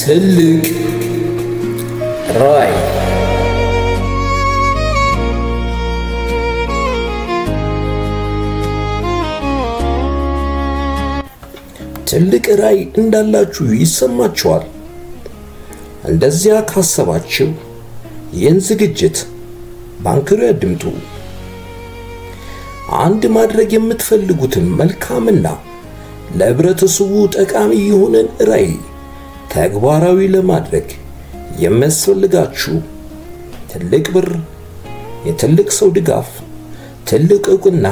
ትልቅ ራዕይ ትልቅ ራዕይ እንዳላችሁ ይሰማችኋል። እንደዚያ ካሰባችሁ ይህን ዝግጅት ባንክሮ ያድምጡ። አንድ ማድረግ የምትፈልጉትን መልካምና ለህብረተሰቡ ጠቃሚ የሆነን ራዕይ ተግባራዊ ለማድረግ የሚያስፈልጋችሁ ትልቅ ብር፣ የትልቅ ሰው ድጋፍ፣ ትልቅ ዕውቅና፣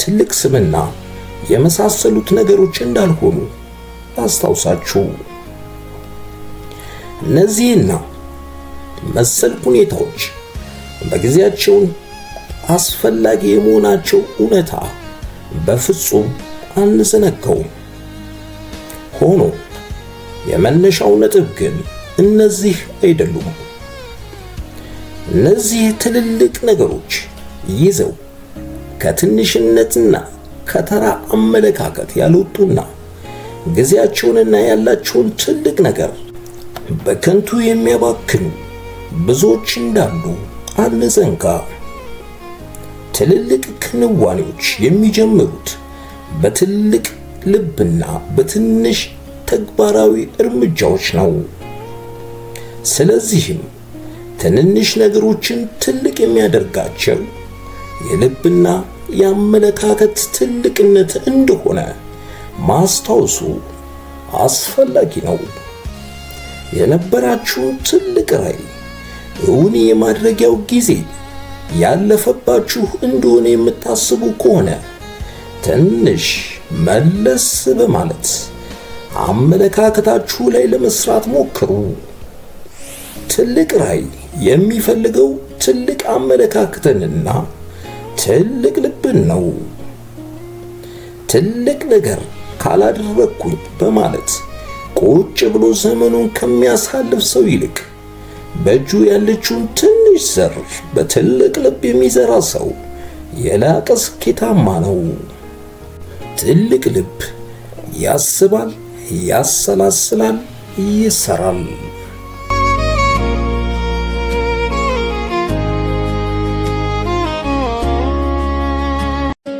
ትልቅ ስምና የመሳሰሉት ነገሮች እንዳልሆኑ ላስታውሳችሁ። እነዚህና መሰል ሁኔታዎች በጊዜያቸውን አስፈላጊ የመሆናቸው እውነታ በፍጹም አንዘነጋውም ሆኖ የመነሻው ነጥብ ግን እነዚህ አይደሉም። እነዚህ ትልልቅ ነገሮች ይዘው ከትንሽነትና ከተራ አመለካከት ያልወጡና ጊዜያቸውንና ያላቸውን ትልቅ ነገር በከንቱ የሚያባክኑ ብዙዎች እንዳሉ አንዘንጋ። ትልልቅ ክንዋኔዎች የሚጀምሩት በትልቅ ልብና በትንሽ ተግባራዊ እርምጃዎች ነው። ስለዚህም ትንንሽ ነገሮችን ትልቅ የሚያደርጋቸው የልብና የአመለካከት ትልቅነት እንደሆነ ማስታወሱ አስፈላጊ ነው። የነበራችሁን ትልቅ ራዕይ እውን የማድረጊያው ጊዜ ያለፈባችሁ እንደሆነ የምታስቡ ከሆነ ትንሽ መለስ በማለት አመለካከታችሁ ላይ ለመስራት ሞክሩ። ትልቅ ራዕይ የሚፈልገው ትልቅ አመለካከትንና ትልቅ ልብን ነው። ትልቅ ነገር ካላደረግኩኝ በማለት ቁጭ ብሎ ዘመኑን ከሚያሳልፍ ሰው ይልቅ በእጁ ያለችውን ትንሽ ዘር በትልቅ ልብ የሚዘራ ሰው የላቀ ስኬታማ ነው። ትልቅ ልብ ያስባል፣ ያሰላስላል፣ ይሰራል።